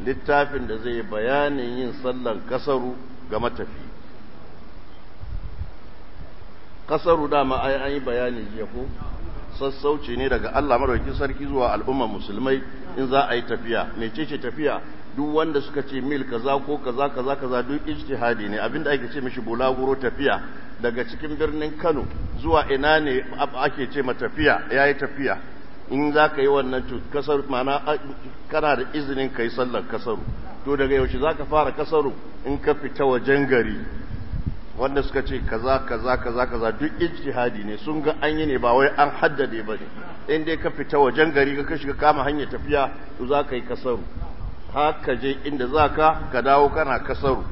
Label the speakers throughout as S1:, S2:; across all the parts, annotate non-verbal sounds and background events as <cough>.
S1: littafin da zai bayanin yin sallar kasaru ga matafi kasaru dama ai an bayani jiya ko sassauci ne daga Allah madaukakin sarki zuwa al'umma musulmai in za a yi tafiya ce tafiya duk wanda suka ce mil kaza ko kaza kaza kaza duk ijtihadi ne abinda ake ce mishi bulaguro tafiya daga cikin birnin Kano zuwa ina ne ake ce ma tafiya yayi tafiya in za ka yi wannan to kasar mana kana da izinin ka yi sallar kasaru to daga yaushe za ka fara kasaru in ka fita wajen gari wanda suka ce kaza kaza kaza kaza duk ijtihadi ne sun ga an yi ne ba wai an haddade ba ne in dai ka fita wajen gari ka shiga kama hanyar tafiya to za ka yi kasaru haka je inda za ka ka dawo kana kasaru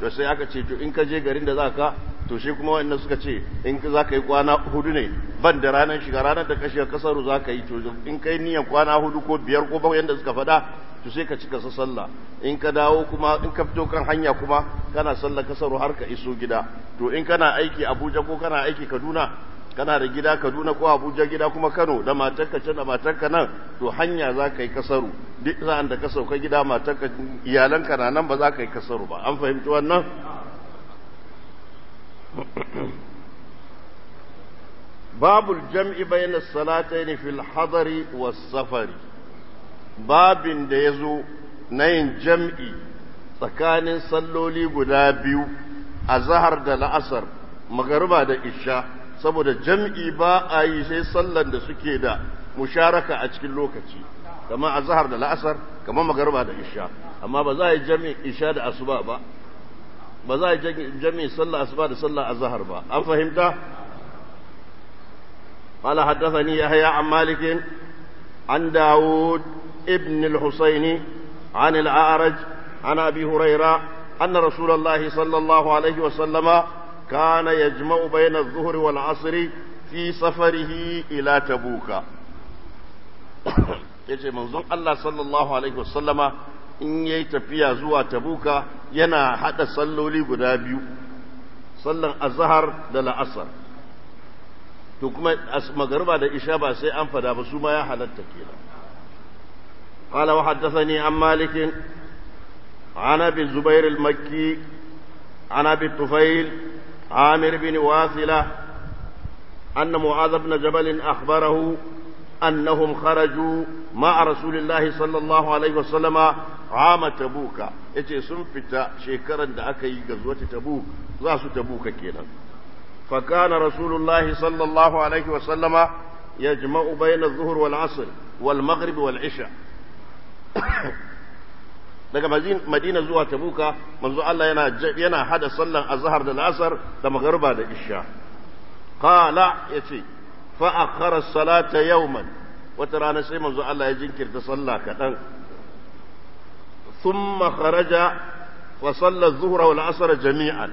S1: to sai aka ce to in ka je garin da zaka to shi kuma wanda suka ce in za zaka yi kwana hudu ne ban da ranar shiga ranar da ka shiga kasaru za ka yi to in ka niyan kwana hudu ko biyar ko bakwai yanda suka faɗa to sai ka cika sa sallah in ka dawo kuma in ka fito kan hanya kuma kana sallah kasaru har ka iso gida to in kana aiki abuja ko kana aiki kaduna kana da gida Kaduna ko Abuja gida kuma Kano da matarka can da matarka nan to hanya za ka yi kasaru duk sa'an da ka sauka gida matarka iyalanka na nan ba za ka yi kasaru ba an fahimci wannan <coughs> babul jam'i bayna salatayn fil hadari was safari babin da ya zo na yin jam'i tsakanin salloli guda biyu a zahar da la'asar magariba da isha saboda jam'i ba a yi sai sallan da suke da musharaka a cikin lokaci a zahar da la'asar kamar magarba da isha amma ba za a yi jam'in isha da asuba ba ba za a yi jam'in sallah asuba da sallah zahar ba an fahimta قال حدثني يحيى عن مالك عن داود ابن الحسين عن الأعرج عن أبي هريرة Huraira, رسول الله sallallahu alaihi wa sallama. kana yajma'u bayna az-zuhr wal 'asr fi safarihi ila tabuka yace manzon Allah sallallahu alaihi wasallama in yayi tafiya zuwa tabuka yana hada salloli guda biyu sallan azhar da la'asar to kuma magarba da isha ba sai an fada ba su ma ya halatta kenan قال وحدثني عن مالك عن ابي الزبير المكي عن abi Tufail. عامر بن واثلة أن معاذ بن جبل أخبره أنهم خرجوا مع رسول الله صلى الله عليه وسلم عام تبوك يتي سنفتا شكرا دعك يقزوة تبوك ذاس تبوك كينا فكان رسول الله صلى الله عليه وسلم يجمع بين الظهر والعصر والمغرب والعشاء daga madina zuwa tabuka manzo Allah yana yana hada sallan azhar da asar da magharba da isha qala yace fa akhara salata yawman wata rana sai manzo Allah ya jinkirta sallah kadan thumma kharaja wa salla adh-dhuhra wal asr jami'an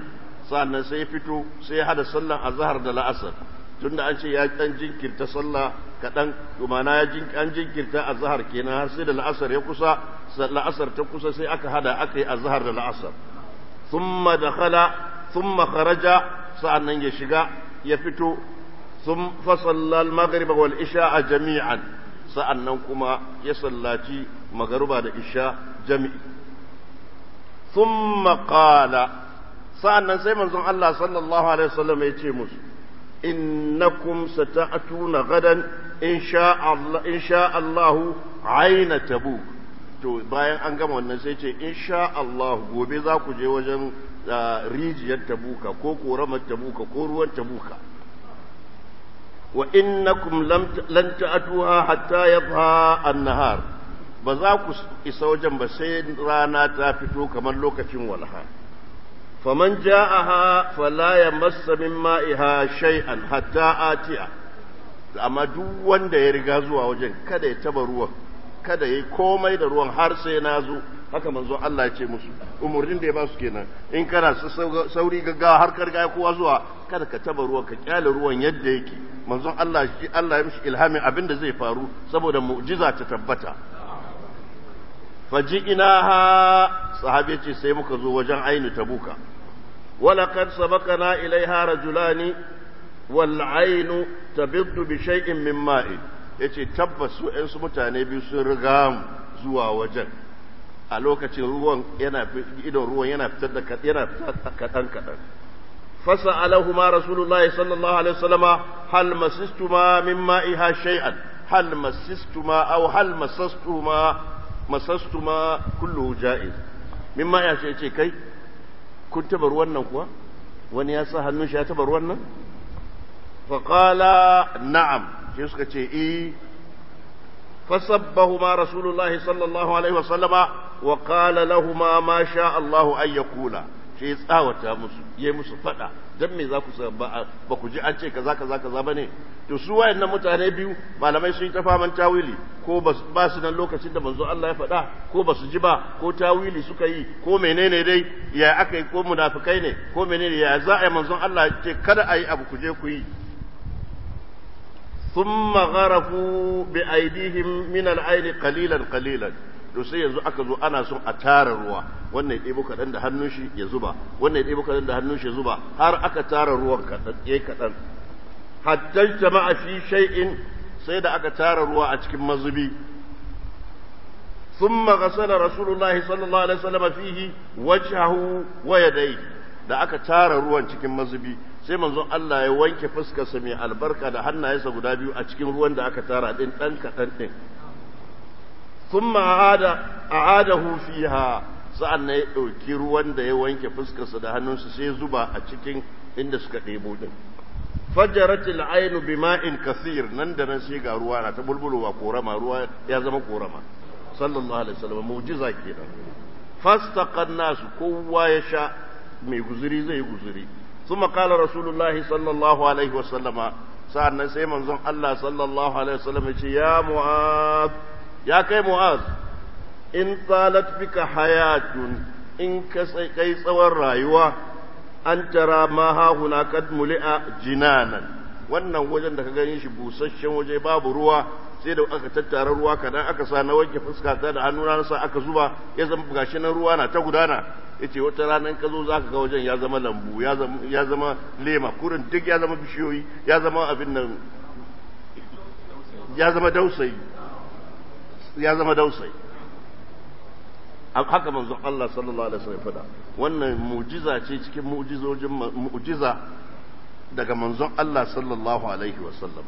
S1: sannan sai fito sai hada sallan azhar da la'asar tunda an ce ya dan jinkirta sallah kaɗan mana an jinkirta a zahar kenan har sai da la'asar ya kusa la'asar ta kusa sai aka hada aka yi a zahar da la'asar thumma dakhala thumma kharaja nan ya shiga ya fito sun fasalla al-maghrib wal isha jami'an sa'an nan kuma ya sallaci magruba da isha jami'i thumma qala nan sai manzon Allah sallallahu alaihi wasallam ya ce musu innakum sata'tuna gadan in sha Allahu aina tabuk to bayan an gama wannan sai ce in sha Allahu gobe za ku je wajen ah, rijiyar tabuka ko koramar tabuka ko ruwan tabuka wa innakum lan ta'tuha hatta yadha an-nahar ba za ku isa wajen ba sai rana ta fito kamar lokacin walha faman ja'aha fala yamassa min ma'iha shay'an hatta atiya amma duk wanda ya riga zuwa wajen kada ya taba ruwan kada ya komai da ruwan har sai na zo haka manzo Allah ya ce musu umurnin da ya ba kenan in kana sauri gaggawa har karga ya kowa zuwa kada ka taba ruwan ka kyale ruwan yadda yake manzon Allah shi Allah ya mishi ilhamin abin da zai faru saboda mu'jiza ta tabbata faji'inaha sahabi ce sai muka zo wajen ainu tabuka walaqad sabaqana ilaiha rajulani والعين تبض بشيء من ماء yace tabbas su waɗansu mutane biyu sun riga zuwa wajen a lokacin ruwan yana idon ruwan yana fitar da yana kaɗan kaɗan fasa alahu ma rasulullahi sallallahu alaihi wasallama hal masistuma min ma'iha shay'an hal masistuma aw hal ma masastuma masastuma kullu ja'iz min ma'iha shay'an ce kai kun taba ruwan nan kuwa wani ya sa hannun shi ya taba ruwan nan faƙala na'am shi suka ce i fasabbahuma rasulullahi sallallahu alaihi wasallama wa qala lahuma ma sha Allahu an yakula sai tsawata musu yayi musu fada dan me za ku ba ku ji an ce kaza kaza kaza bane to su wayannan mutane biyu malamai sun yi ta faman tawili ko ba su nan lokacin da manzo Allah ya fada ko ba su ji ba ko tawili suka yi ko menene dai ya aka yi ko munafikai ne ko menene ya za a yi manzon Allah ya ce kada a yi abu ku je ku yi ثم غرفوا bi من العين قليلا قليلا to sai yanzu aka zo ana son a tara ruwa wannan ya ɗebo kaɗan da hannun shi ya zuba wannan ya ɗebo kaɗan da hannun shi ya zuba har aka tara ruwan kaɗan ya kaɗan hatta jama'a fi shay'in sai da aka tara ruwa a cikin mazubi ثم غسل rasulullahi sallallahu alaihi wasallam fihi وسلم wa وجهه da aka tara ruwan cikin mazubi sai manzon Allah ya wanke fuskarsa mai albarka da hannayensa guda biyu a cikin ruwan da aka tara din dan dan din thumma aada aadahu fiha sa'an ya ɗauki ruwan da ya wanke fuskarsa da hannunsa sai zuba a cikin inda suka ɗebo din fajaratil ainu bima'in kathir nan da nan sai ga ruwa na ta bulbulowa korama ruwa ya zama korama sallallahu alaihi wasallam mu'jiza kenan fastaqan nasu kowa ya sha mai guzuri zai yi guzuri ثم قال رسول الله صلى الله عليه وسلم سألنا سيما زن الله صلى الله عليه وسلم يا معاذ يا كي معاذ إن طالت بك حياة إن كي صور رايوة أن ترى ما ها هنا قد ملئ جنانا wannan wajen da ka gani shi busasshen waje babu ruwa sai da aka tattara ruwa kadan aka sa na wanke fuska ta da hannu na sa aka zuba ya zama gashi nan ruwa na ta gudana yace wata ranar ka zo zaka ga wajen ya zama lambu ya zama ya zama lema kurin duk ya zama bishiyoyi ya zama abin nan ya zama dausayi ya zama dausayi haka manzon Allah sallallahu alaihi wasallam fada wannan mu'jiza ce cikin mu'jizojin mu'jiza daga manzon Allah sallallahu alaihi wasallam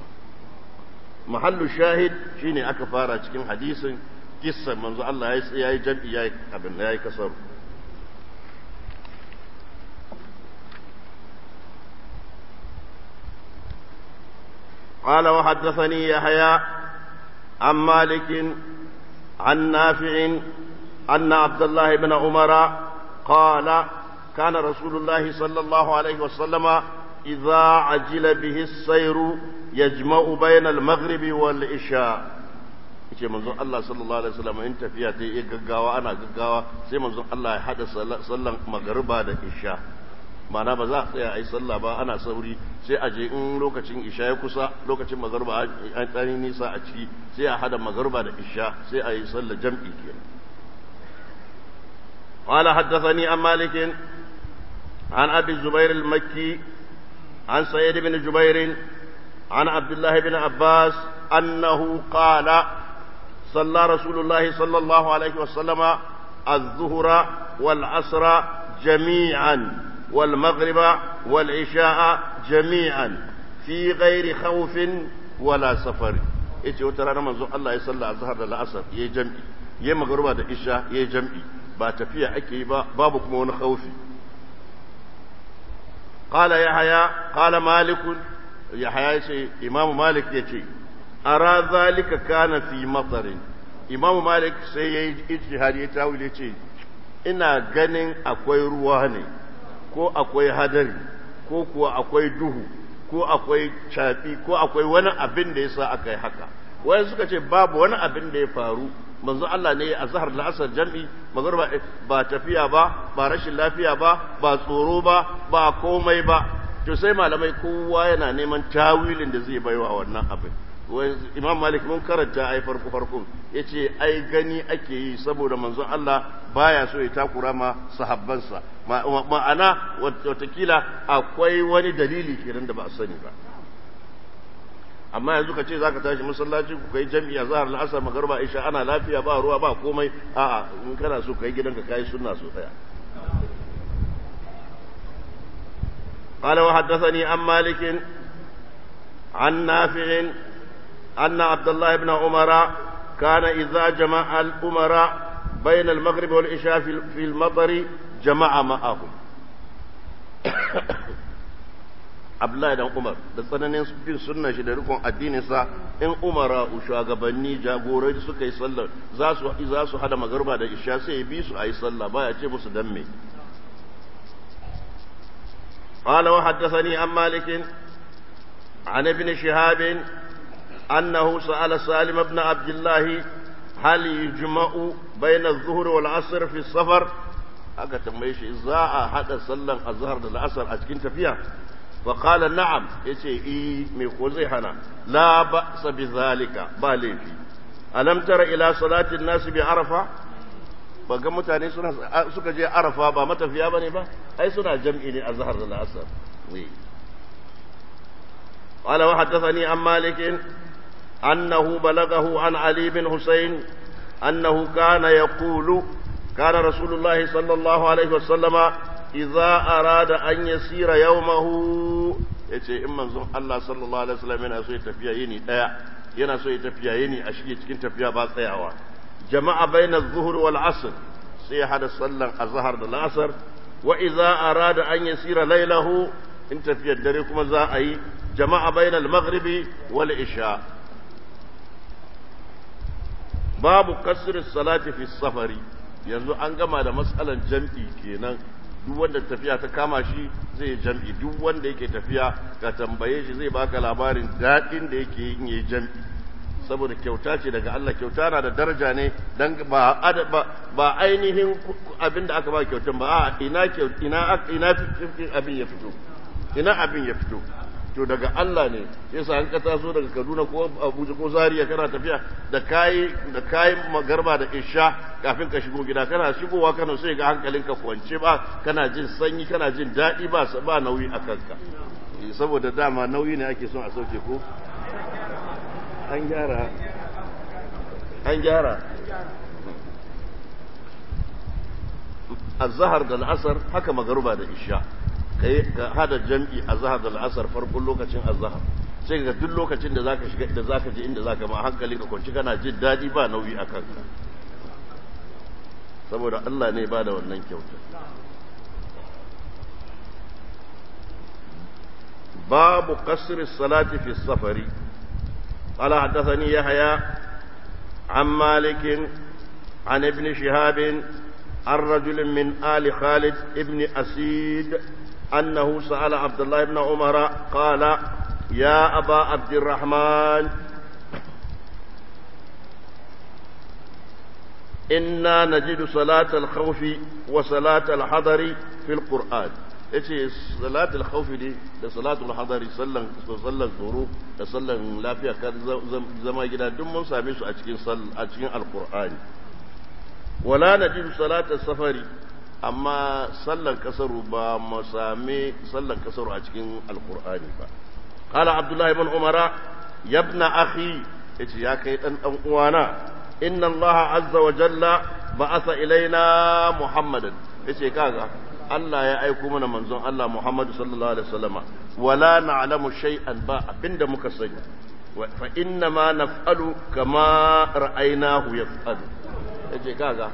S1: محل الشاهد شيني أكفارة كم حديث قصة منذ الله يس يا جب يا قبل يا كسر قال وحدثني يا حياء عن مالك عن نافع أن عبد الله بن عمر قال كان رسول الله صلى الله عليه وسلم إذا عجل به السير yajma'u bainal maghribi wal isha yace manzon Allah sallallahu alaihi wasallam in tafiya ta yi gaggawa ana gaggawa sai manzon Allah ya hada sallan magariba da isha mana ba za a tsaya a yi sallah ba ana sauri sai a je in lokacin isha ya kusa lokacin magariba an tsari nisa a ciki sai a hada magariba da isha sai a yi sallah jam'i kenan qala haddathani an malikin an abi zubair al-makki an sayyid ibn jubair عن عبد الله بن عباس أنه قال صلى رسول الله صلى الله عليه وسلم الظهر والعصر جميعا والمغرب والعشاء جميعا في غير خوف ولا سفر wata rana manzo Allah ya salla azhar da la'asar yayi jam'i yayi magruba da isha yayi jam'i ba tafiya ake yi ba babu kuma wani kaufi. qala yahaya qala malikun yahaya ya ce imamu malik ya ce ara zalika kana fi matsarin imamu malik sai ya yi ijtihadi ya tawil ya ce ina ganin akwai ruwa ne ko akwai hadari ko kuwa akwai duhu ko akwai cafi ko akwai wani abin da yasa aka yi haka wani suka ce babu wani abin da ya faru manzo Allah ne a zahar la'asar jam'i magarba ba tafiya ba ba rashin lafiya ba ba tsoro ba ba komai ba to sai malamai kowa yana neman tawilin da zai baiwa wannan abin imam malik mun karanta ai farko farkon yace ai gani ake yi saboda manzon Allah baya so ya takura ma sahabbansa ma'ana watakila akwai wani dalili kiran da ba a sani ba amma yanzu ka ce zaka tashi masallaci ku kai jami'a zahar la'asar magarba isha ana lafiya ba ruwa ba komai a'a in kana so kai gidanka kai sunna so daya قال وحدثني عن مالك عن نافع أن عبد الله بن عمر كان إذا جمع الأمراء بين المغرب والعشاء في المطر جمع معهم Abdullahi dan Umar da tsananin bin sunna shi da rikon addinin sa in Umara shugabanni jagorori suka yi sallar za su hada magarba da isha sai ya bi su ayi sallah baya ce musu dan قال وحدثني عن مالك عن ابن شهاب أنه سأل سالم بن عبد الله هل يجمع بين الظهر والعصر في السفر tambaye shi za a haɗa sallan azhar da la'asar a cikin tafiya fa qala na'am yace eh me ko zai hana la ba'sa ba laifi alam ila salatin nasibin arafa ba ga mutane suna suka je arafa ba matafiya ne ba ai suna jam'i ne zahar da asar قال وحدثني عن مالك أنه بلغه عن علي بن حسين أنه كان يقول كان رسول الله صلى الله عليه وسلم إذا أراد أن يسير يومه yace in manzon Allah sallallahu alaihi wasallam yana so ya tafiya yini daya yana so ya tafiya yini a shige cikin tafiya ba tsayawa jama'a bainar zuhur wal asr sai hada sallan azhar da la'asar wa idza arada an yasira lailahu in tafiyar dare kuma za a yi jama'a bainal maghribi wal isha babu kasri salati fi safari yanzu an gama da matsalan jam'i kenan duk wanda tafiya ta kama shi zai jam'i duk wanda yake tafiya ka tambaye shi zai baka labarin daɗin da yake yin yayi jam'i saboda kyauta ce daga Allah kyauta na da daraja ne dan ba ba ainihin abin da aka ba kyautan ba a ina ina ina abin ya fito ina abin ya fito to daga Allah ne sa an ka taso daga Kaduna ko Abuja ko Zaria kana tafiya da kai da kai magarba da isha kafin ka shigo gida kana shigowa kana sai ga hankalinka kwance ba kana jin sanyi kana jin daɗi ba ba nauyi a kanka eh, saboda dama nauyi ne ake son a sauke ko an gyara an gyara azhar da al'asar haka magaruba da isha kai ga hada jam'i azhar da al'asar farkon lokacin azhar sai ga duk lokacin da zaka shiga da zaka je inda zaka ma hankali ka kwanci kana jin dadi ba nauyi a kanka saboda Allah ne ba da wannan kyauta babu qasr as-salati fi safari قال حدثني يحيى عن مالك عن ابن شهاب عن رجل من آل خالد ابن أسيد أنه سأل عبد الله بن عمر قال يا أبا عبد الرحمن إنا نجد صلاة الخوف وصلاة الحضر في القرآن ya ce salatul khawfi ne da salatul hadari sallan sallan tsoro da sallan lafiya ka zama gida duk mun same su a cikin a cikin alqur'ani wala najidu salatul safari amma sallan kasaru ba mu same sallan kasaru a cikin alkur'ani ba kala abdullahi ibn umara yabna akhi yace ya kai dan dan uwana inna allaha azza wa jalla ba'atha ilaina muhammadan yace kaga Allah ya aiko mana manzon Allah Muhammadu sallallahu alaihi wasallama wala na'lamu shay'an ba abinda muka sani fa inna ma naf'alu kama ra'aynahu yaf'alu yace kaga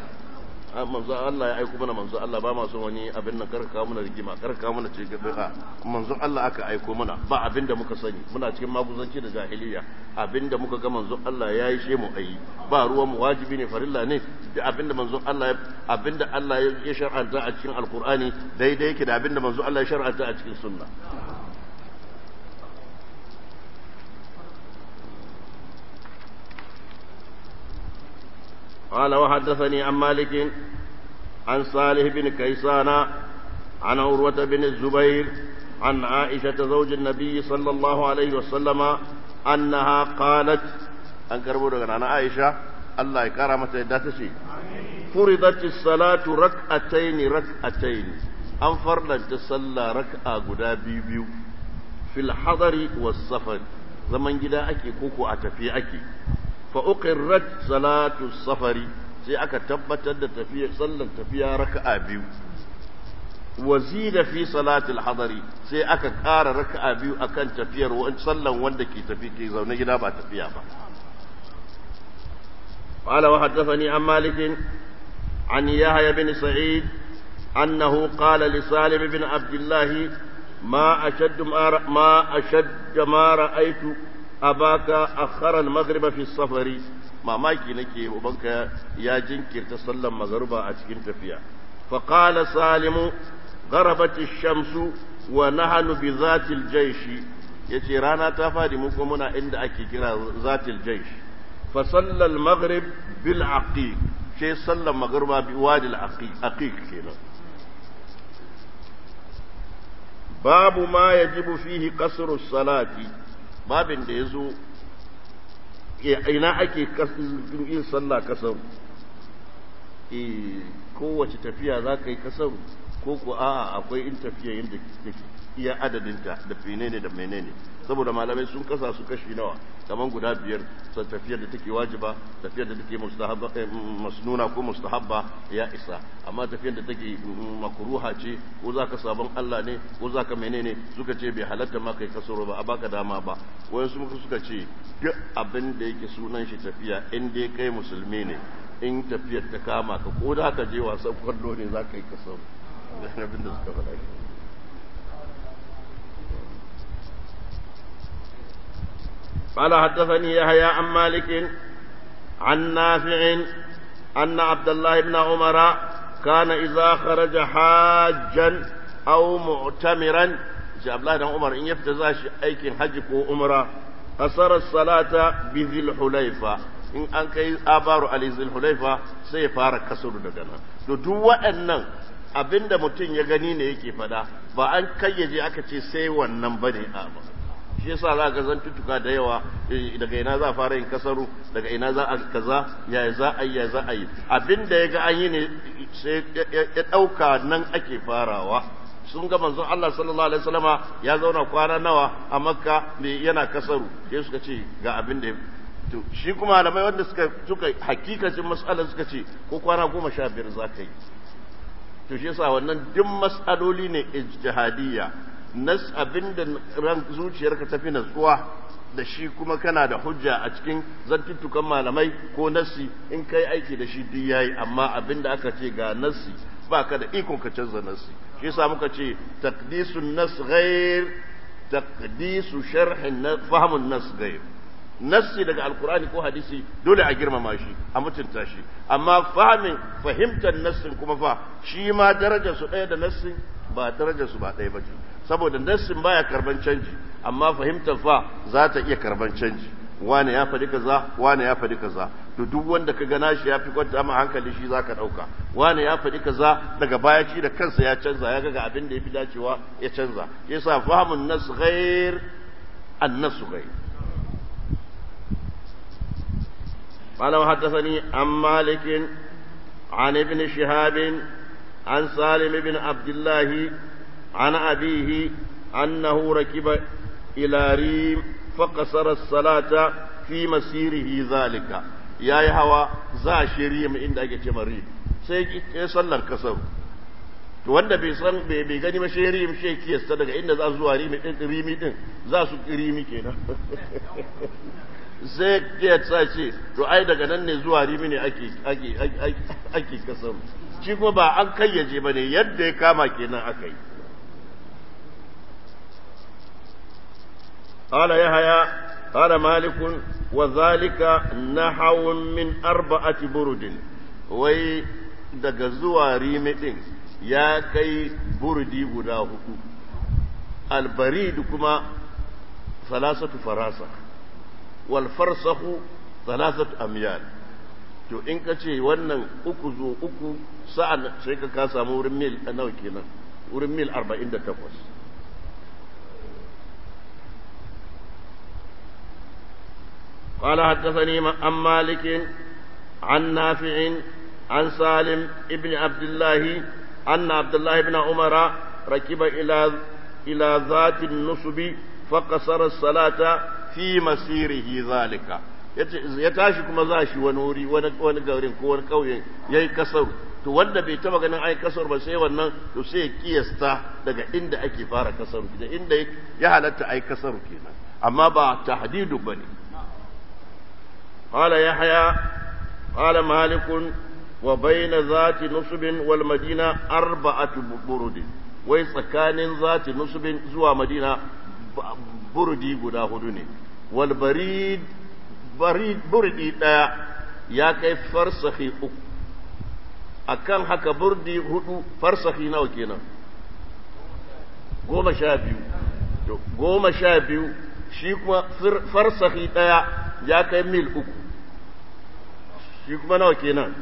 S1: Ah, manzo Allah ya aiko mana manzo Allah ba ma son wani abin nan karka kawo mana rigima karka kawo mana cikin bid'a manzo Allah aka aiko mana ba abin da muka sani muna cikin maguzanci da jahiliya abin da muka ga manzo Allah ya yi shemu ayi ba ruwan mu wajibi ne farilla ne da abin da manzo Allah abin da Allah ya shar'anta a cikin alqur'ani daidai yake da abin da manzo Allah ya shar'anta a cikin sunna قال وحدثني عن مالك عن صالح بن كيسان عن عروة بن الزبير عن عائشة زوج النبي صلى الله عليه وسلم أنها قالت أن كربونا أنا عائشة الله كرمت داتشي فرضت الصلاة ركعتين ركعتين أن فرلت صلى ركعة قدا بيبيو في الحضر والسفر زمن جدا أكي كوكو أتفي أكي fa uqirrat salatu safari sai aka tabbatar da tafiya sallan tafiya raka'a biyu wazida fi salatul hadari sai aka ƙara raka'a biyu akan tafiyar sallan wanda ke tafi ke zaune gida ba tafiya ba قال وحدثني عن مالك عن يحيى بن سعيد أنه قال لسالم بن عبد الله ما أشد ما, ما أشد ma رأيت abaka a al-maghriba fi safari mamaki nake ubanka ya jinkirta sallan magruba a cikin tafiya fa qala salimu gharabat ash-shamsu wa nahnu bi zati al-jaysh yace rana ta fadi mu kuma muna inda ake kira zati al-jaysh fa salla al-maghrib bil aqiq sai sallan magruba bi wadi al-aqiq aqiq kenan babu ma yajibu fihi qasru as-salati babin da ya zo ina ake yin sallah kasaru eh, kowace tafiya za ka yi kasaru ko ku a akwai in tafiya yadda take iya adadinta da ne da menene saboda malamai sun kasa su kashi nawa kaman guda biyar tafiyar da take wajiba tafiyar da take eh, masnuna ko mustahabba ya isa amma tafiyar da take mm, makuruha ce ko zaka sabon Allah ne ko zaka menene suka ce bai halatta ma kai kasoro ba a baka dama ba wayan su suka ce duk abin da yake sunan shi tafiya in dai kai musulmi ne in tafiyar ta kama ka ko da ka je wasan kwallo ne za ka yi kasoro da <laughs> abin da suka faɗa قال حدثني يحيى عن مالك عن نافع أن عبد الله بن عمر كان إذا خرج حاجا أو معتمرا عبد الله بن عمر إن يفتزاش أيكن حج أمرا أصر الصلاة بذي الحليفة in an kai abaru alizul hulaifa sai ya fara kasuru daga nan to duk waɗannan abinda mutum ya gani ne yake fada ba an kayyaje aka ce sai wannan bane a ba shi yasa za ka tutuka da yawa eh, daga ina za a fara yin kasaru daga ina za a kaza ya za a yi ya za a yi abin da ya ga an yi ne sai ya ɗauka nan ake farawa sun ga manzon Allah sallallahu alaihi wasallama ya zauna kwana nawa a makka yana kasaru sai suka ce ga abin da to shi kuma alamai wanda suka suka hakikacin mas'alar suka ce ko kwana goma sha biyar za ka yi to shi yasa wannan duk mas'aloli ne ijtihadiyya nas abin da ran zuciyarka tafi natsuwa da shi kuma kana da hujja a cikin zantuttukan malamai ko nasi in kai aiki da shi duk yayi amma abinda aka ce ga nasi baka da ikon ka canza nasi shi yasa muka ce taqdisun nas ghair taqdisu sharhin fahmun nas ghair nassi daga alkur'ani ko hadisi dole a girmama shi a mutunta shi amma fahimtan fahimtar nassin kuma fa shi ma darajar su ɗaya da nassin ba darajar su ba ɗaya ba ce saboda nassin baya karban canji amma fahimtar fa za ta iya karban canji wane ya faɗi kaza wane ya faɗi kaza to duk wanda ka gana shi ya fi kwanta ma hankali shi ka ɗauka wane ya faɗi kaza daga baya shi da kansa ya canza ya ga abin da ya fi dacewa ya canza yasa fahmun nas ghair an nas ghair قال وحدثني عن مالك عن ابن شهاب عن سالم بن عبد الله عن أبيه أنه ركب إلى ريم فقصر الصلاة في مسيره ذلك يا يهوى زا شريم إن أجتم ريم سيجي يصلى الكسر to wanda bai gani ba shi rim shi kiyasta daga inda za su zuwa rimi din za su rimi kenan sai kiyasta ce to ai daga nan ne zuwa rimi ne ake ake shi ko ba an kayyaje ba ne yadda ya kama kenan aka yi haya, يحيى malikun, wazalika na hau min arba'ati burudin, wai daga zuwa rime ya kai burudi guda hudu albarid kuma salasatu farasa wal farsahu salasatu amyal to in kace wannan uku zo uku sa'an sai ka samu wurin mil a nawa kenan wurin mil 48 qala حدثني عن مالك an نافع an salim ibn abdullah an abdullah ibn umara rakiba ila ila zati nusubi fa qasara salata fi masirihi zalika ذلك ya tashi kuma zashi wani wuri wani garin ko wani kauye yayi yi kasaru to wanda bai taba ganin ai kasar ba sai wannan to sai ya kiyasta daga inda ake fara kasar da inda ya halatta ai kasar kenan amma ba tahdidu bane qala yahya qala malik wa baina zati nusbin wal madina arba'atu burud wai tsakanin zati nusbin zuwa madina burdi guda hudu ne wal barid barid daya ya kai farsahi uku akan haka burdi hudu farsafi nawa kenan goma sha biyu goma sha biyu shi kuma farsafi ɗaya ya kai mil uku shi kuma nawa kenan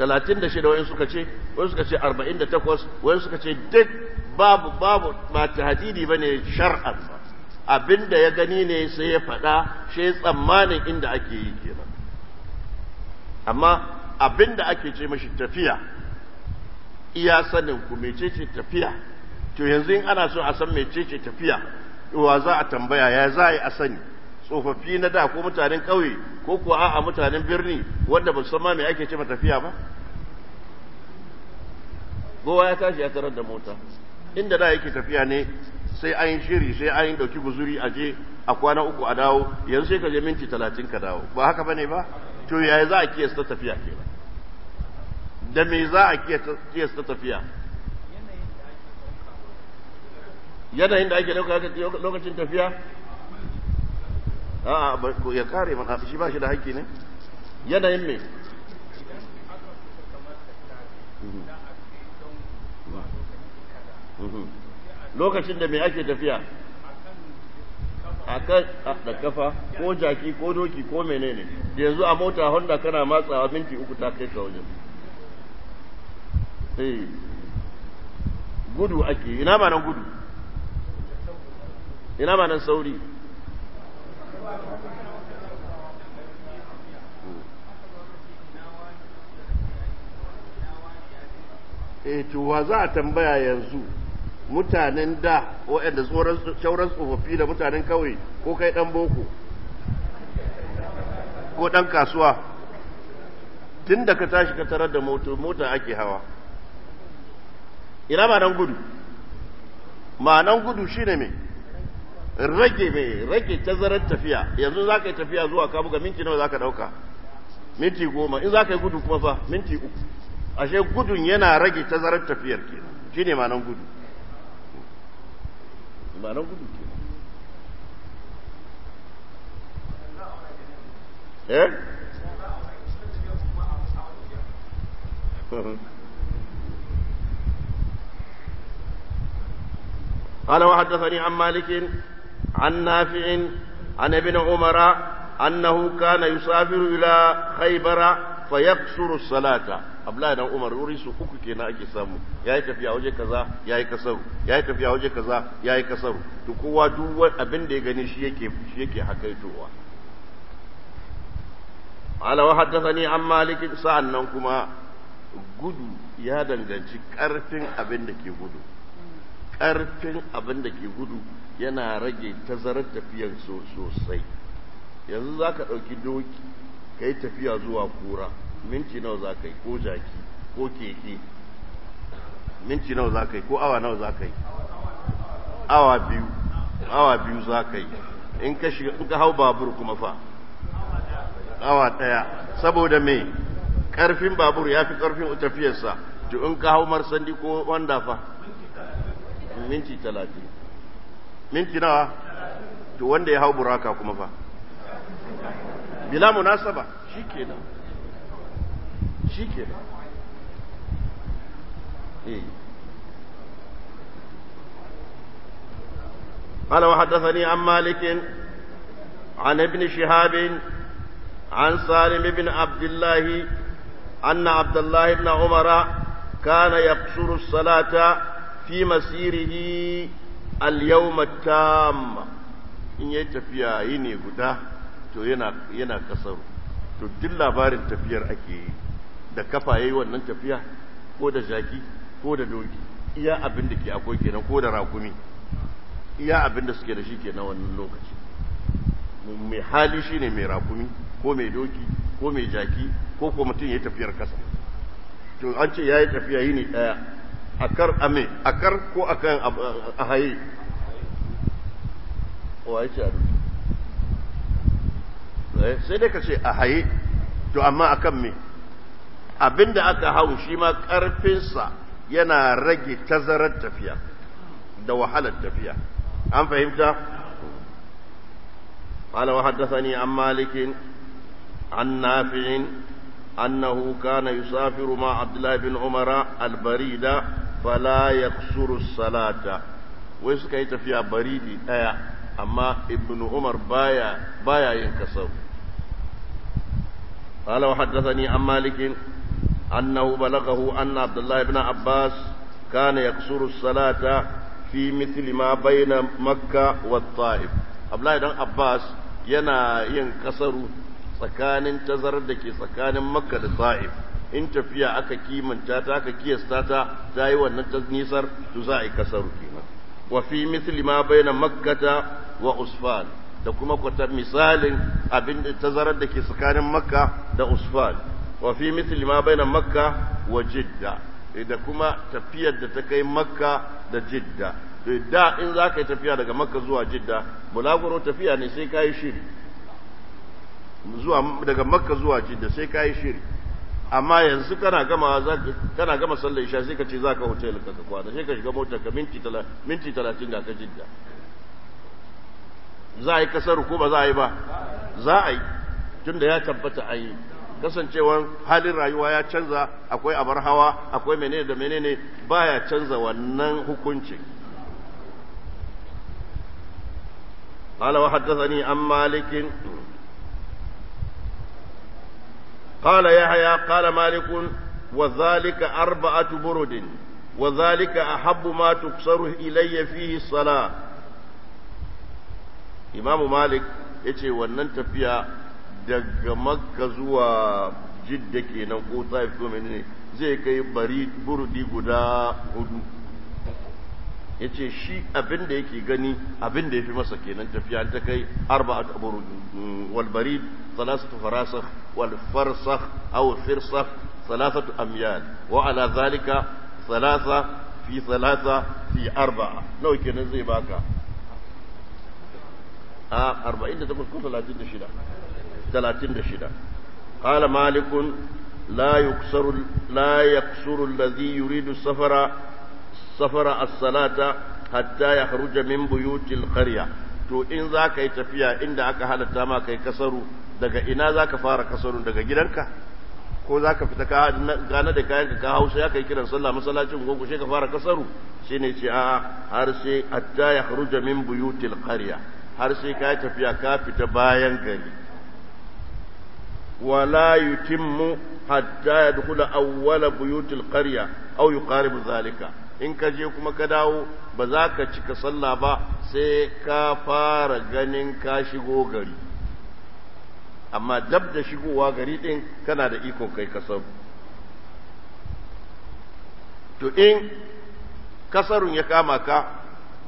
S1: talatin da shida wani suka ce wani suka ce arba'in da takwas wani suka ce duk babu babu ba ta hadidi ba ne shar'an abin da ya gani ne sai ya faɗa shi tsammanin inda ake yi kenan amma abin da ake ce mashi tafiya iya sanin ku mecece tafiya to yanzu in ana so a san mecece tafiya wa za a tambaya ya za a yi a sani tsofaffi na da ko mutanen ƙauye ko kuwa a'a mutanen birni wanda ba san ma me ake ce ma tafiya ba Gowa ya tashi ya tarar da mota inda da yake tafiya ne sai an yi shiri sai an yi ɗauki guzuri a je a kwana uku a dawo yanzu sai ka je minti talatin ka dawo ba haka bane ba to yaya za a kiyasta tafiya ke ba da me za a kiyasta tafiya
S2: yanayin da ake ɗauka
S1: lokacin tafiya a'a ya kare mana shi ba shi da haƙƙi ne yanayin me Mm-hmm. lokacin da me ake tafiya
S2: akan da kafa ko
S1: jaki ko doki ko menene yanzu a mota honda kana matsawa minti uku ta kai ka wajen eh. gudu ake ina ma nan gudu ina ma nan sauri eh to wa za a tambaya yanzu mutanen da waɗanda sauran tsofaffi da mutanen kawai ko kai ɗan boko ko ɗan kasuwa tun da ka tashi ka tarar da mota ake hawa ina ma'anan gudu ma'anan gudu shi ne mai rage mai rage tazarar tafiya yanzu za ka yi tafiya zuwa kabu ga minti nawa za ka ɗauka minti goma in za ka yi gudu kuma fa minti uku ashe gudun yana rage tazarar tafiyar kenan ne ma'anan gudu إيه؟ <laughs> قال وحدثني عن مالك عن نافع عن ابن عمر أنه كان يسافر إلى خيبر فيقصر الصلاة abdullahi dan umar wuri su uku kenan ake samu yayi tafiya waje kaza yayi kasaru yayi tafiya waje kaza yayi kasaru to kowa duk abin da ya gani shi yake shi yake hakaitowa ala wa haddathani an malik nan kuma gudu ya danganci karfin abin da ke gudu karfin abin da ke gudu yana rage tazarar tafiyar sosai yanzu zaka dauki doki kai tafiya zuwa kura minti nawa za ka yi ko jaki ko keke minti nawa za ka yi ko awa nawa za ka yi awa biyu awa biyu za ka yi in ka shiga in ka hau babur kuma fa awa ɗaya saboda me ƙarfin babur ya fi ƙarfin tafiyarsa to in ka hau marsandi ko wanda fa minti talatin minti nawa to wanda ya hau buraka kuma fa bila munasaba shi kenan shi ke قال وحدثني عن مالك عن ابن شهاب عن سالم بن عبد الله أن عبد الله بن عمر كان يقصر الصلاة في مسيره اليوم التام in ya tafiya yi ne guda to yana kasaru to duk labarin tafiyar ake yi da kafa yayi wannan tafiya ko da jaki ko da doki iya abin da ke akwai kenan ko da rakumi iya abin da suke da shi kenan wannan lokaci mai hali shine mai rakumi ko mai doki ko mai jaki ko ko mutum yayi tafiyar kasa to an ce yayi tafiya yini daya akar ame akar ko akan ahaye wa yake a eh, sai dai ka ce haye to amma akan me abinda aka hau shi ma ƙarfinsa yana rage tazarar tafiya da wahalar tafiya an fahimta قال وحدثني عن مالك عن نافع أنه كان يسافر مع عبد الله بن عمر البريدة فلا يقصر الصلاة ويسكا يتفيا بريدي آية أما ابن عمر بايا بايا ينكسر قال وحدثني عن مالك أنه بلغه أن عبد الله بن عباس كان يقصر الصلاة في مثل ما بين مكة والطائف عبد الله بن عباس ينا yin سكان تزردك سكان مكة للطائف in tafiya aka kimanta ta aka kiyasta ta ta yi wannan ta nisar to za a yi kasaru kenan wa fi misli ma bayna makkata wa usfan da kuma kwata misalin abin da tazarar da ke tsakanin makka da usfan wa fi misli ma baina makka wa jidda da kuma tafiyar da ta kai makka da jidda da in za ka yi tafiya daga makka zuwa jidda bulaguro tafiya ne sai ka yi shiri zuwa daga makka zuwa jidda sai ka yi shiri amma yanzu kana gama kana gama sallar isha sai ka ce za ka hotel ka ka kwana sai ka shiga mota ka minti minti talatin ga ka jidda za a yi kasar ko ba za a yi ba za a yi tunda ya tabbata a yi kasancewar halin rayuwa ya canza akwai abar hawa akwai menene da menene baya canza wannan hukunci قال Qala عن مالك قال يحيى قال مالك وذلك أربعة برد وذلك أحب ما تقصر إلي فيه الصلاة إمام مالك يتي ونن تفيا daga makka zuwa jidda kenan ko taif ko menene zai kai bari burdi guda hudu yace shi abin da yake gani abin da yafi masa kenan tafiya ta kai arba'at a mm, wal barid thalathatu farasakh wal farsakh aw firsakh thalathatu amyal wa ala zalika thalatha fi thalatha fi arba'a nawa kenan zai baka a 48 ko 36 36 قال مالك لا يكسر لا يكسر الذي يريد السفر سفر الصلاه حتى يخرج من بيوت القريه to in za ka yi tafiya inda aka halatta ma ka yi kasaru daga ina za ka fara kasaru daga gidanka ko za ka fita gane da kayan ka hausa ya kai kiran sallah masallacin ko kushe ka fara kasaru shi ne ce a har sai hatta ya min buyutil qarya har sai ka tafiya ka fita bayan gari ولا يتم حتى يدخل أول بيوت karya أو يقارب ذلك in ka je kuma ka dawo ba za ka cika sallah ba sai ka fara ganin ka shigo gari amma dab da shigowa gari ɗin kana da iko kai kasar to in kasarun ya kama ka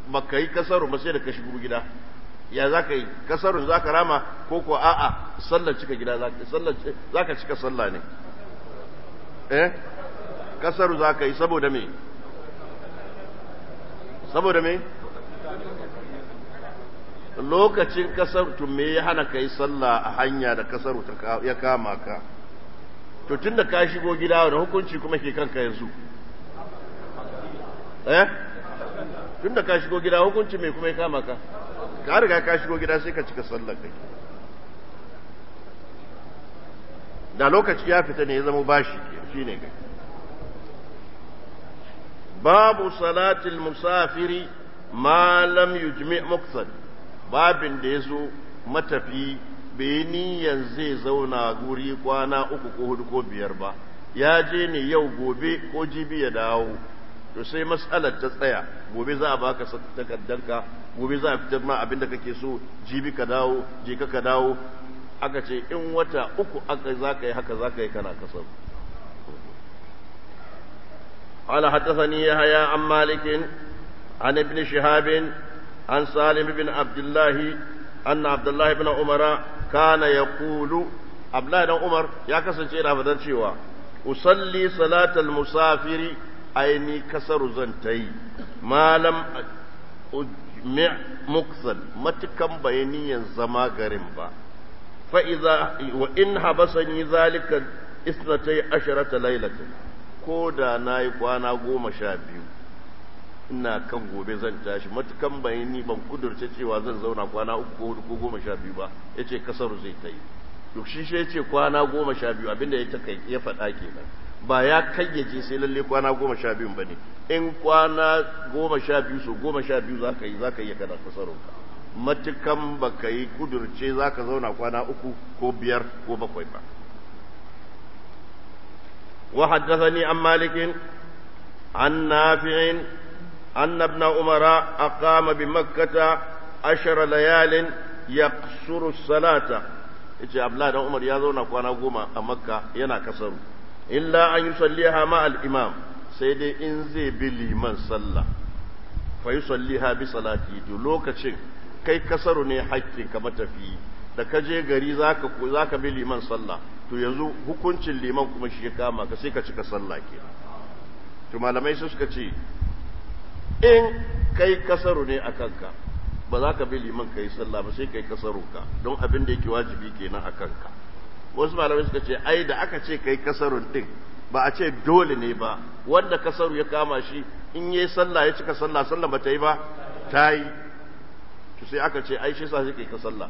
S1: ba ka yi kasarun ba sai da ka shigo gida ya za ka yi kasarun za ka rama ko ko a'a sallar cika gida za ka cika sallah ne eh kasaru za ka yi saboda me saboda me lokacin kasar me ya hana ka yi sallah a hanya da kasar ya kama ka to tun da ka shigo gida wani hukunci kuma ke kanka yanzu eh tun da ka shigo gida hukunci mai kuma ya kama ka ka riga ka shigo gida sai ka cika sallar kai da lokaci ya fita ne ya zama bashi shine kai babu salatil musafiri Malam lam yujmi muqsad babin da yazo matafi bai niyan zai zauna guri kwana uku ko hudu ko biyar ba ya je ne yau gobe ko jibi ya dawo to sai matsalar ta tsaya gobe za a baka takardarka gobe za a fitar ma abinda kake so jibi ka dawo je ka dawo aka ce in wata uku aka za ka yi haka za ka yi kana kasar ala ya haya an malikin an ibn shihabin an salim Abdullahi an anna abdullah ibn umara kana yaqulu abdullah umar ya kasance da fadar cewa usalli salatal musafiri aini kasaru zan ta yi malam muksan matukan bayaniyan zama garin ba fa'iza wa in habasani zalika isnatai asharata lailatin ko da na yi kwana goma sha biyu ina kan gobe zan tashi matukan bayani ban kudurce cewa zan zauna kwana uku ko hudu goma sha biyu ba ya ce kasaru zai ta yi duk shi shi ya ce kwana goma sha biyu abinda ya faɗa kenan ba ya kayyace sai lalle kwana goma sha biyun ba ne in kwana goma sha biyu so goma sha biyu za ka yi za ka iya kada ka matukan ba ka yi kudurce za ka zauna kwana uku ko biyar ko bakwai ba wa haddasa ni an malikin an nafi'in an nabna umara a kama bi makkata ashirar layalin ya salata ita abu abla da umar ya zauna kwana goma a makka yana kasaru illa an yusalliha ma al-imam sai dai in zai bi liman sallah fa yusalliha bi salati to lokacin kai kasaru ne haƙƙin ka matafi da ka je gari zaka zaka bi liman sallah to yanzu hukuncin liman kuma shi ya kama ka sai ka cika sallah ke to malamai su suka ce in kai kasaru ne a kanka ba za ka bi liman ka yi sallah ba sai kai kasaru ka don abin da yake wajibi kenan a kanka wasu malamai suka ce ai da aka ce kai kasarun din ba a ce dole ne ba wanda kasaru ya kama shi in yi sallah ya cika sallah sallah ba ta yi ba ta yi to sai aka ce ai shi sa shi ka sallah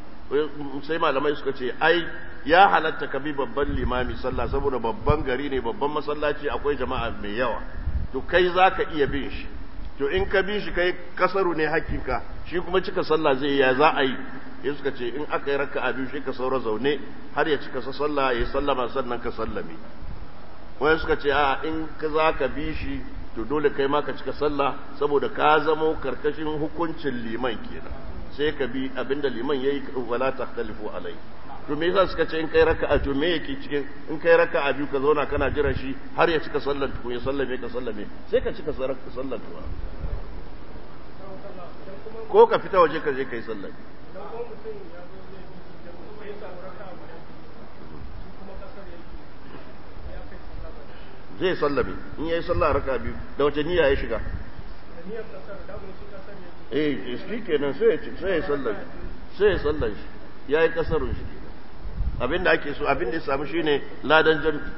S1: sai malamai suka ce ai ya halatta ka bi babban limami sallah saboda babban gari ne babban masallaci akwai jama'a mai yawa to kai za ka iya bin shi to in ka bi shi kai kasaru ne hakinka shi kuma cika sallah zai ya za a yi in suka ce in aka yi a biyu shi ka saura zaune har ya cika sa sallah ya sallama sannan ka sallame wai suka ce a in ka za ka bi shi to dole kai ma ka cika sallah saboda ka zamo karkashin hukuncin liman kenan sai ka bi abinda liman yayi wala takhtalifu alai to me yasa suka ce in kai raka'a to me yake cikin in kai raka'a biyu ka zauna kana jiran shi har ya cika sallar ku ya sallame ka sallame sai ka cika sallar tukun ko ka fita waje ka je kai sallar zai sallame in yayi sallah raka biyu da wace niyya ya shiga eh shi kenan sai ya sallame sai ya sallar shi yi kasarun shi abinda ake so abinda ya samu shi ne ladan jam'i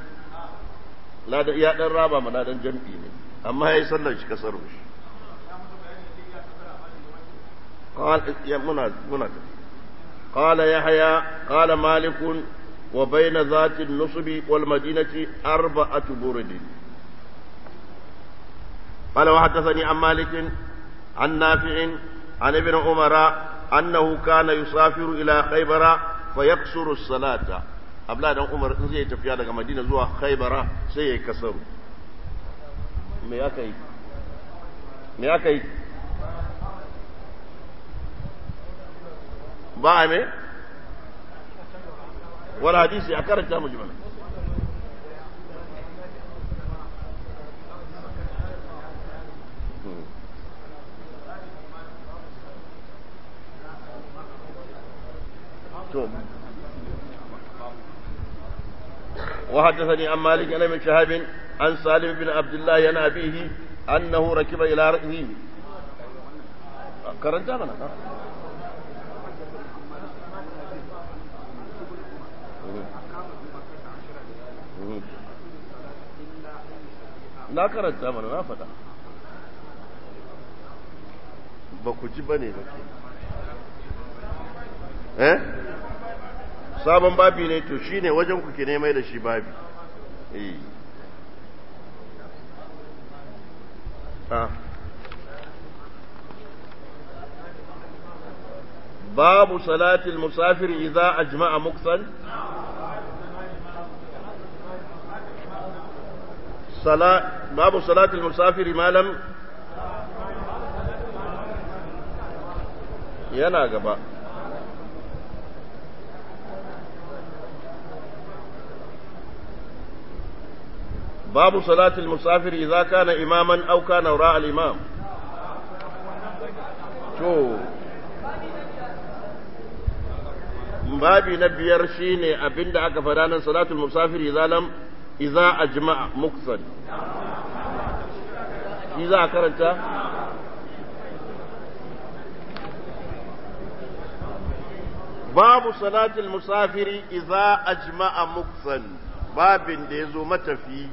S1: ladan ya dan raba ma ladan jam'i ne amma yi sallar shi kasarun shi قال منا منا قال يحيى قال مالك وبين ذات النصب والمدينة أربعة برد قال وحدثني عن مالك عن نافع عن ابن عمر أنه كان يسافر إلى خيبر فيقصر الصلاة abla أن عمر in zai لك مدينة زوا خيبر khaibara sai ya kasaru me باعمه
S2: والحديث أكرت مجمل وحدثني عن مالك
S1: أنا من شهاب عن سالم بن عبد الله عن أبيه أنه ركب إلى رأيه قرن جامنا
S2: na karanta mana na faɗa
S1: ba ku ji ba ne ba ke eh sabon babi ne to shine wajen ku ke nemai da shi babi eh ah باب صلاة المسافر إذا أجمع مكثا صلاة باب صلاة المسافر ما لم yana gaba babu salatul musafir idza kana imaman aw kana wara al imam babi na biyar shine abinda aka fara nan salatul musafir idza lam iza ajma'a muksan shi za a karanta babu salatul musafiri iza ajma'a muksan babin da ya zo matafi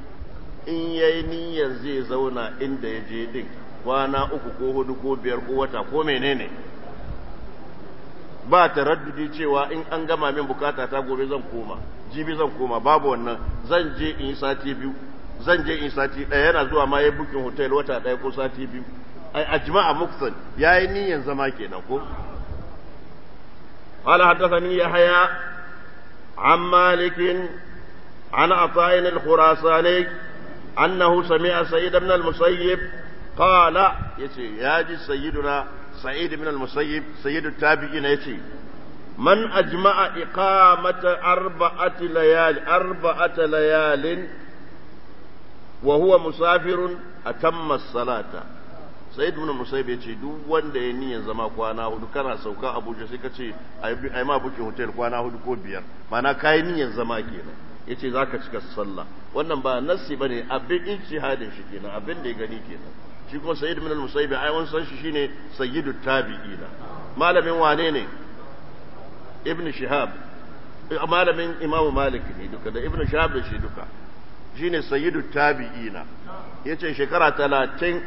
S1: in yayi niyyar zai zauna inda ya je din kwana uku ko hudu ko biyar ko wata ko menene ne ba ta raddudi cewa in an gama min bukata ta gobe zan koma jibi zan koma babu wannan zan je in sati biyu zan je in sati ɗaya yana zuwa ma ya bukin hotel wata ɗaya ko sati biyu ai ajma'a ya yi niyyar zama kenan ko قال حدثني يحيى عن مالك Annahu, عطاء الخراساني أنه سمع سيد بن المسيب قال yaji sayyiduna sa'id ibn al-musayyib sayyidu tabi'in yace man ajma'a iqamata arba'ati layal arba'ata layalin wa huwa musafirun atamma as-salata sa'id ibn musayyib yace duk wanda ya niyyar zama kwana hudu kana sauka Abuja sai kace ai ma buke hotel kwana hudu ko biyar mana kai niyar zama kenan yace zaka cika sallah wannan ba ba ne, abin ijtihadin shi kenan abin da ya gani kenan shi kuma sayyid min al-musayyib ai wani san shi shine sayyidut tabi'ina malamin wane ne ibn shihab eh, malamin imamu malik ne duka da ibn shihab da shi duka shine sayyidut tabi'ina yace shekara talatin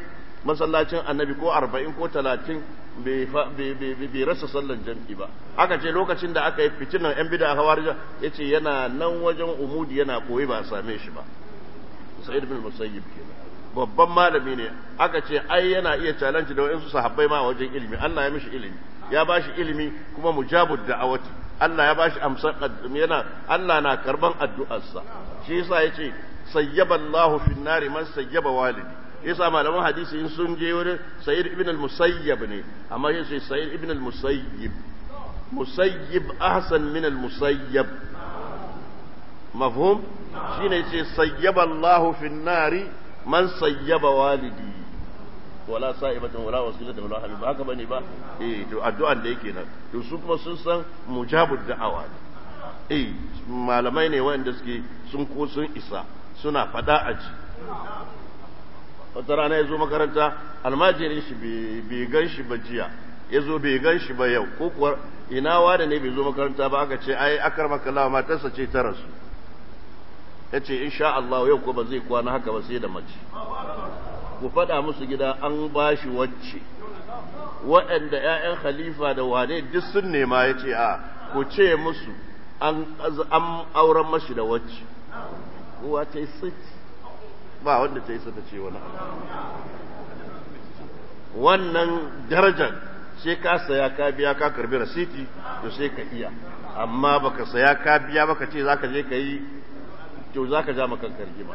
S1: masallacin annabi ko arba'in ko talatin bai rasa sallan jam'i ba aka ce lokacin da aka yi fitinan yan bida hawarija yace yana nan wajen umudi yana koyi ba a same shi ba Sayyid bin musayyib kenan babban malami ne aka ce ai yana iya challenge da wayansu sahabbai ma wajen ilimi Allah ya mishi ilimi ya bashi ilimi kuma mujabud da'awati Allah ya bashi amsar yana Allah na karban addu'arsa shi yasa yace sayyaba Allahu fin nari man sayyaba walidi yasa malaman hadisi in sun je wurin sayyid ibn al-musayyib ne amma yace sayyid ibn al-musayyib musayyib ahsan min al-musayyib mafhum shine yace sayyaba Allahu fin nari man sayyaba walidi wala sa'ibatin wala da wala habiba haka bane ba eh to addu'an da yake nan to su kuma sun san mujabud da'awa ne eh malamai ne wanda suke sun ko sun isa suna fada a ji wata rana ya zo makaranta almajirin shi bai gan shi ba jiya ya zo bai gan shi ba yau ko kuwa ina wada ne bai zo makaranta ba aka ce ai akar makalla matarsa ce ta rasu ya ce sha Allah yau ko ba zai kwana haka ba sai da mace ku faɗa musu gida an ba shi wacce waɗanda 'ya'yan khalifa da wane duk sun nema ya ce a ku ce musu an auren mashi da wacce kowa ta yi ba wanda ta yi sata ce wani abu wannan darajar sai ka saya ka biya ka karbi rasiti to sai ka iya amma baka saya ka biya baka ce zaka je ka yi to za ka ja makan ba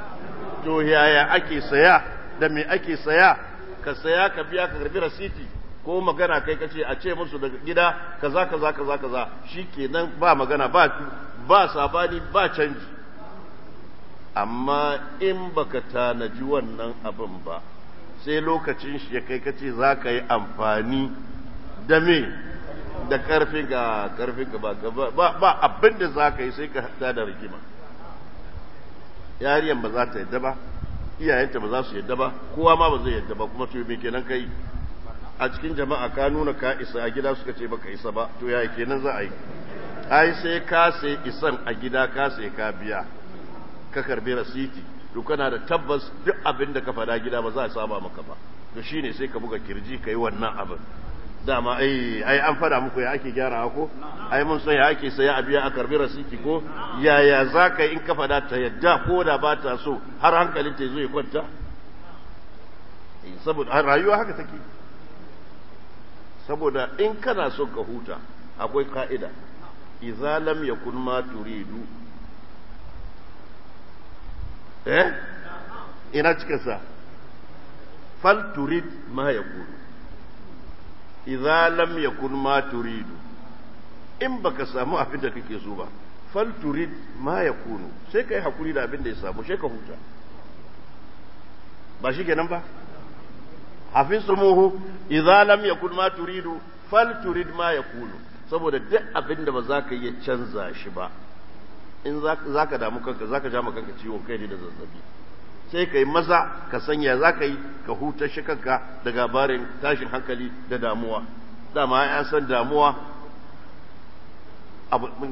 S1: to yaya ake saya da me ake saya ka saya ka biya ka karbi rasiti ko magana kai ka ce a ce musu daga gida kaza kaza kaza kaza shikenan ba magana ba ba sabani ba canji amma in baka tanaji wannan abin ba sai lokacin shi ya kai kace za ka yi amfani da me da karfin ga karfin ga ba ba abin za ka yi sai ka hada da rigima yariyan ba za ta yadda ba iyayenta ba za su yadda ba kowa ma ba zai yadda ba kuma to me kenan kai a cikin jama'a ka nuna ka isa a gida suka ce baka isa ba to ya kenan za a yi ai sai ka sai isan a gida ka sai ka biya ka karbi rasiti to kana da tabbas duk abin da ka faɗa gida ba za a saba maka ba to shine sai ka buga kirji ka wannan abin dama ai eh, ai an fada muku ya ake gyara ko ai mun san ya ake saya a biya a karbi rasiki ko yaya za ka in ka fada ta yadda ko da ba ta so har hankalin ta zo ya kwanta eh, saboda rayuwa haka take saboda in kana so ka huta akwai ka'ida idza lam yakun ma turidu eh ina cikin sa fal turid ma yakun idza lam yakun ma turidu in baka samu abin da kake so ba fal turid ma yakunu sai kai hakuri da abin da ya samu sai ka huta ba shi kenan ba hafizumuhu idza lam yakun ma turidu fal turid ma yakunu saboda duk abin da ba za ka iya canza shi ba in za ka damu kanka za ka ja kanka ciwon kai ne da zazzabi sai ka yi maza ka sanya za ka yi ka huta shi kanka daga barin tashin hankali da damuwa dama an san damuwa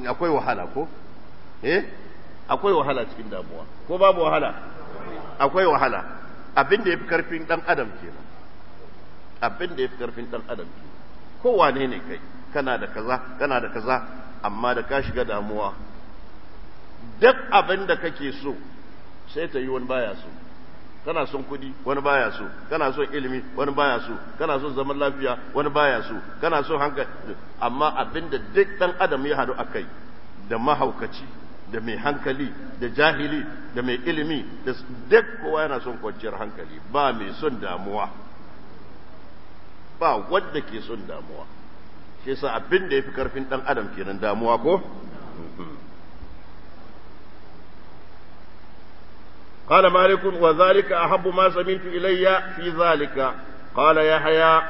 S1: akwai wahala ko eh akwai wahala cikin damuwa ko babu wahala akwai wahala abin da ya fi karfin dan adam kenan abin da ya fi karfin dan adam kenan kowane ne kai kana da kaza kana da kaza amma da ka shiga damuwa duk abin da kake so sai ta yi wani baya so kana son kudi wani baya so kana son ilimi wani baya so kana son zaman lafiya wani baya so kana son hankali amma abinda duk dan adam ya hadu akai da mahaukaci da mai hankali da jahili da mai ilimi da duk kowa yana son kwanciyar hankali ba mai son damuwa ba wanda ke son damuwa shi yasa abin da yafi karfin dan adam kenan damuwa ko قال مالك وذلك أحب ما سمعت إلي في ذلك قال يحيى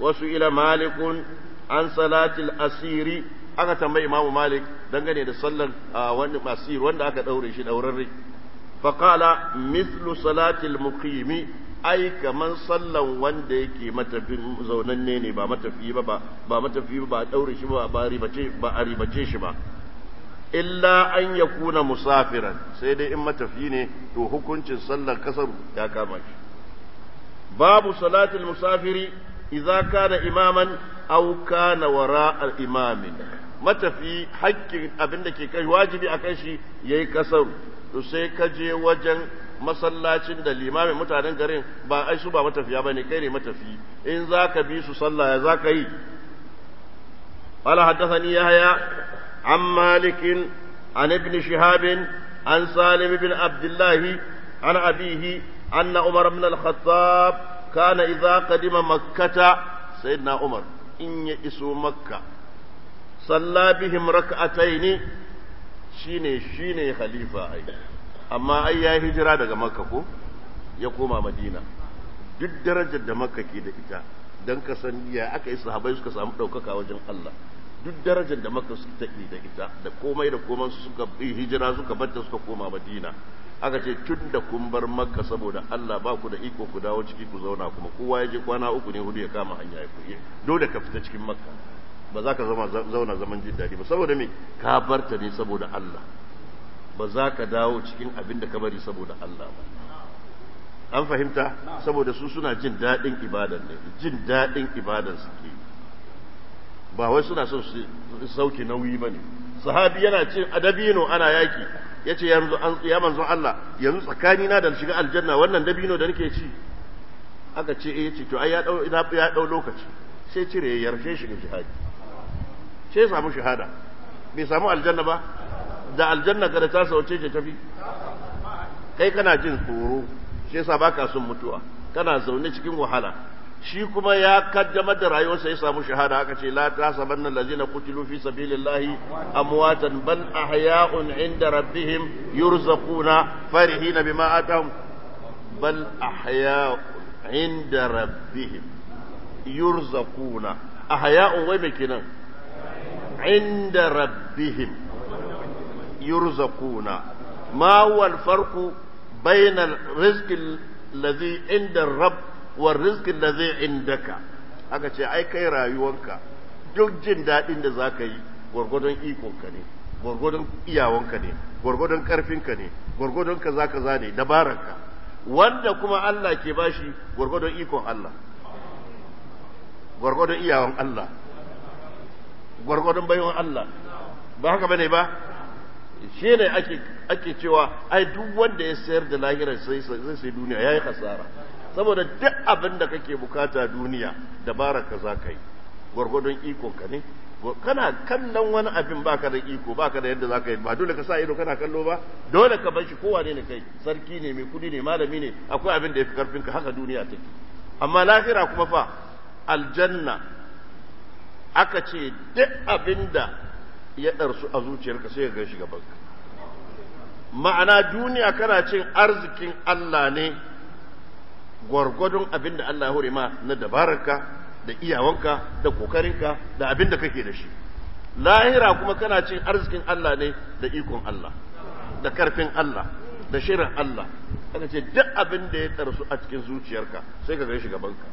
S1: وسئل مالك عن صلاة الأسير aka tambayi imamu malik dangane da sallar wani masir wanda aka daure shi daurarre faqala mithlu salatil muqimi ai kaman sallan wanda yake matafin zaunanne ne ba matafi ba ba matafi ba daure shi ba ba ribace ba a ribace shi ba illa an ya kuna musafiran sai dai in matafi ne to hukuncin sallar kasar ya kama shi babu salatul musafiri idza kana imaman aw kana al imamin matafi hakkin abin da ke kai wajibi akan shi yayi kasar to sai ka je wajen masallacin da limamin mutanen garin ba ai su ba matafiya bane kai ne matafi in zaka bi su sallah ya zaka yi قال حدثني يحيى عن مالك عن ابن شهاب عن سالم بن عبد الله عن أبيه أن عمر بن الخطاب كان إذا قدم مكة سيدنا عمر إن يئسوا مكة صلى بهم ركعتين شيني شيني خليفة أي أما أي هجرة دقا مكة يقوم مدينة duk darajar da maka ke da ita don ka san ya aka yi sahabai suka samu ɗaukaka wajen Allah duk darajar da maka su ta da ita da komai da koman su suka hijira suka batta suka koma madina aka ce tun da kun bar makka saboda Allah ba ku da iko ku dawo ciki ku zauna kuma kowa ya je kwana uku ne hudu ya kama hanya ya kuye dole ka fita cikin makka ba za ka zama zauna zaman jin daɗi ba saboda me ka bar ta ne saboda Allah ba za ka dawo cikin abin da ka bari saboda Allah ba an fahimta saboda su suna jin daɗin ibadan ne jin daɗin ibadan suke yi ba wai suna son su sauke nauyi ba ne sahabi yana cin adabino ana yaki ya ce ya manzo Allah yanzu tsakanina da shiga aljanna wannan dabino da nake ci aka ce eh ce to ai ya dau ya dau lokaci sai cire ya yarshe shi ga jihadi sai ya samu shahada bai samu aljanna ba da aljanna kada ta sauce ce tafi kai kana jin tsoro sai sa baka son mutuwa kana zaune cikin wahala shi kuma ya kaddamar da rayuwarsa ya samu shahada aka ce la tasabanna allazina qutilu fi sabilillahi amwatan bal ahya'un 'inda rabbihim yurzaquna farihina bima atahum bal ahya'un 'inda rabbihim yurzaquna ahya'un wai me kenan 'inda rabbihim yurzaquna ma huwa al-farqu bayna al-rizqi alladhi 'inda rabb wa da zai indaka aka ce ai kai rayuwanka duk jin dadin da zaka yi iko ikonka ne gwargwadon iyawanka ne gurgudun ka ne ka za ka zane dabararka wanda kuma Allah ke bashi gwargwadon ikon Allah gwargwadon iyawan Allah gwargwadon baiwan Allah ba haka bane ba shi ne ake cewa ai duk wanda ya sayar da lahirar sai sai duniya yayi hasara saboda duk abin da kake bukata duniya da ka za ka yi gwargwadon iko ka ne kana kallon wani abin baka da iko baka da yadda za ka yi ba dole ka sa ido kana kallo ba dole ka bashi shi kowa ne kai sarki ne mai kudi ne malami ne akwai abin da yafi karfin ka haka duniya take amma lahira kuma fa aljanna aka ce duk abin da ya darsu a zuciyarka sai ka ga shi gaban ma'ana duniya kana cin arzikin Allah ne gwargwadon abin da Allah hore ma na dabararka da iyawanka da kokarinka da abin da kake da shi lahira kuma kana cin arzikin Allah ne da ikon Allah da karfin Allah da shirin Allah kana ce duk abin da ya tarsu a cikin zuciyarka sai ka gaishe gabanka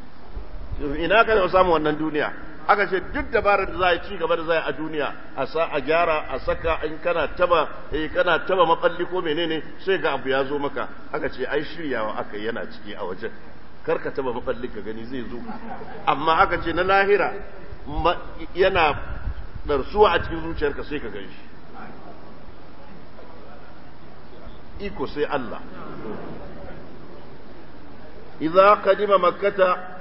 S1: ina ka samu wannan duniya aka ce duk dabarar da za a ci gaba da za a duniya a sa a gyara a saka in kana taba eh kana taba makalli ko menene sai ga abu ya zo maka aka ce ai shiryawa aka yana ciki a wajen kar ka taba makalli ka gani zai zo amma aka ce na lahira yana darsuwa a cikin zuciyarka sai ka gan shi iko sai Allah idza qadima makkata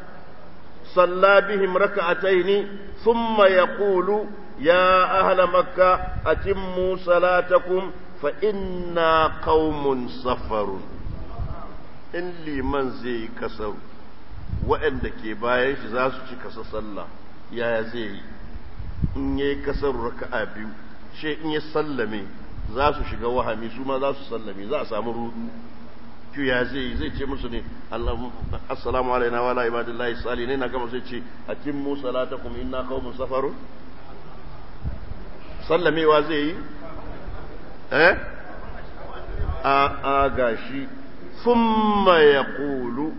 S1: صلى بهم ركعتين ثم يقول يا أهل مكة أتموا صلاتكم فإنا قوم صفر إن لي من زي كسر وإن دكي بايش زاسو كسر صلى يا زي in ya yi kasar شيء biyu she in ya sallame za su shiga زاسو su ma za su ya zai zai ce musu ne assalamu alaina wa ala ibadillahi salih ne na gama sai ce a atimmu salatakum inna qaumun safaru? sallamewa zai yi eh a a gashi thumma yaqulu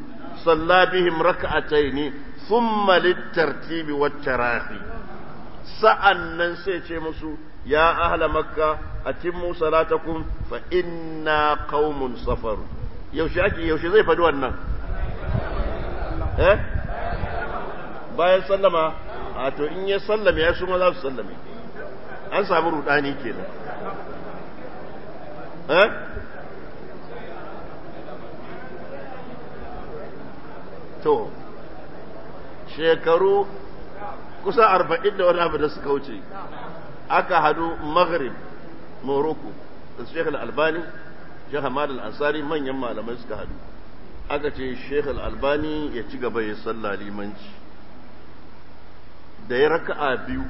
S1: salla bihim rak'atayn thumma litartib wa tarahi sa'annan sai ce musu ya ahla makka atimmu salatakum fa inna qaumun safaru. yaushe ake yaushe zai faɗi wannan eh bayan sallama a to in ya sallame ya su za su sallame an samu rudani kenan eh to shekaru kusa arba'in da wani abu da suka wuce aka hadu maghrib morocco da shekul albani shi hamad al manyan malamai suka haɗu aka ce sheikh al-albani ya ci gaba ya salla limanci da ya raka'a biyu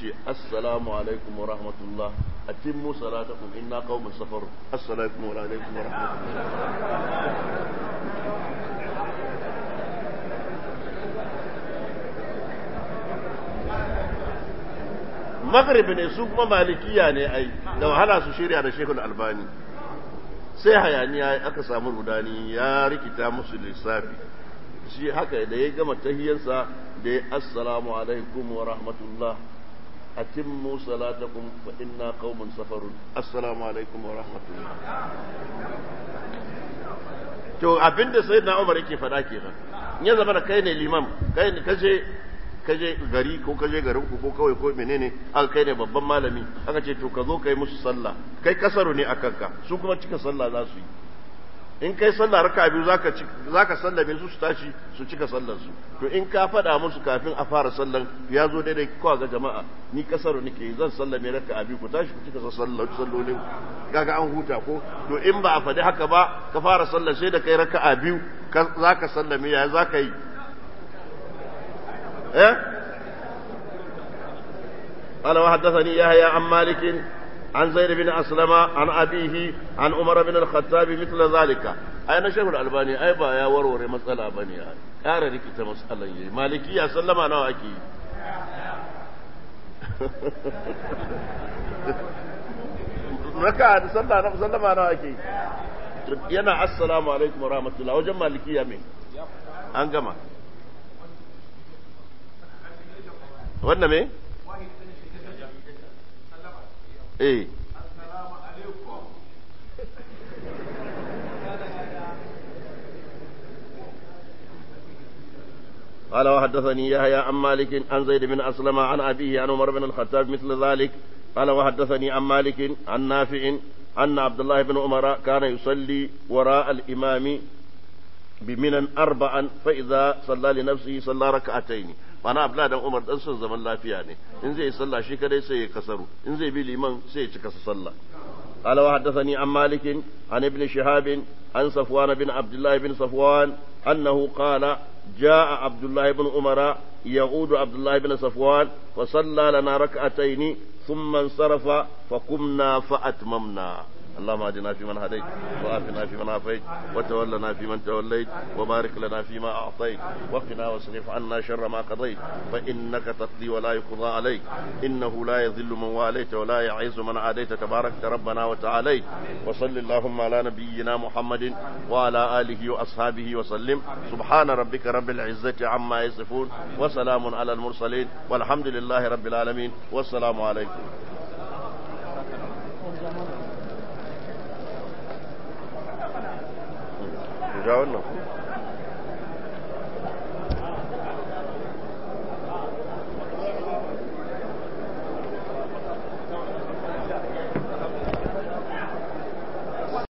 S1: ce assalamu alaikum wa rahmatullah atimmu salatakum inna qaumun safar assalamu alaikum wa rahmatullah <laughs> magharibi ne su kuma malikiya ne ai da wahala su shirya da shekul albani sai hayaniya aka samu rudani ya rikita musu lissafi shi haka da ya gama tahiyarsa da ya assalamu alaikum wa rahmatullah musa latakun fa inna qauman safarun assalamu alaikum wa rahmatullah to abinda sai na Umar yake faɗa ke ya zama da kai ne liman kai ne kaje kaje gari ko kaje garin ku ko kawai ko menene aka kai ne babban malami aka ce to ka zo kai musu sallah kai kasaru ne akan ka su kuma cika sallah za su yi in kai sallah raka biyu zaka zaka sallame su su tashi su cika sallar su to in ka faɗa musu kafin a fara sallan ya zo daidai ko ga jama'a ni kasaru nake zan sallame raka biyu ku tashi ku cika sallar sallolin kaga an huta ko to in ba a faɗi haka ba ka fara sallar sai da kai raka'a biyu zaka sallame ya zaka yi إيه؟ قال وحدثني يحيى عن مالك عن زيد بن أسلم عن أبيه عن عمر بن الخطاب مثل ذلك أين شيخ الألباني أي با يا ورور مسألة بني قال لك انت مسألة يا يا سلم أنا أكيد raka da sallah na sallama na ake السلام عليكم ورحمه الله rahmatullah wajen malikiya me an ايه السلام عليكم قال وحدثني يحيى عن مالك عن زيد بن أسلم عن أبيه عن عمر بن الخطاب مثل ذلك قال وحدثني عن مالك عن نافع أن عبد الله بن عمر كان يصلي وراء الإمام بمنن أربعا فإذا صلى لنفسه صلى ركعتين mana abdullahi dan umar dan son zaman lafiya ne in zai sallah shi kadai sai ya kasaru in zai bi liman sai ya cika sallah قال وحدثني عن مالك عن ابن شهاب عن صفوان بن عبد الله بن صفوان أنه قال جاء عبد الله بن عمر يعود عبد الله بن صفوان فصلى لنا ركعتين ثم انصرف فقمنا فأتممنا اللهم اهدنا فيمن هديت وعافنا فيمن عافيت وتولنا فيمن توليت وبارك لنا فيما اعطيت وقنا واصرف عنا شر ما قضيت فانك تقضي ولا يقضى عليك انه لا يذل من واليت ولا يعز من عاديت تباركت ربنا وتعاليت وصل اللهم على نبينا محمد وعلى اله واصحابه وسلم سبحان ربك رب العزه عما يصفون وسلام على المرسلين والحمد لله رب العالمين والسلام عليكم ja wannan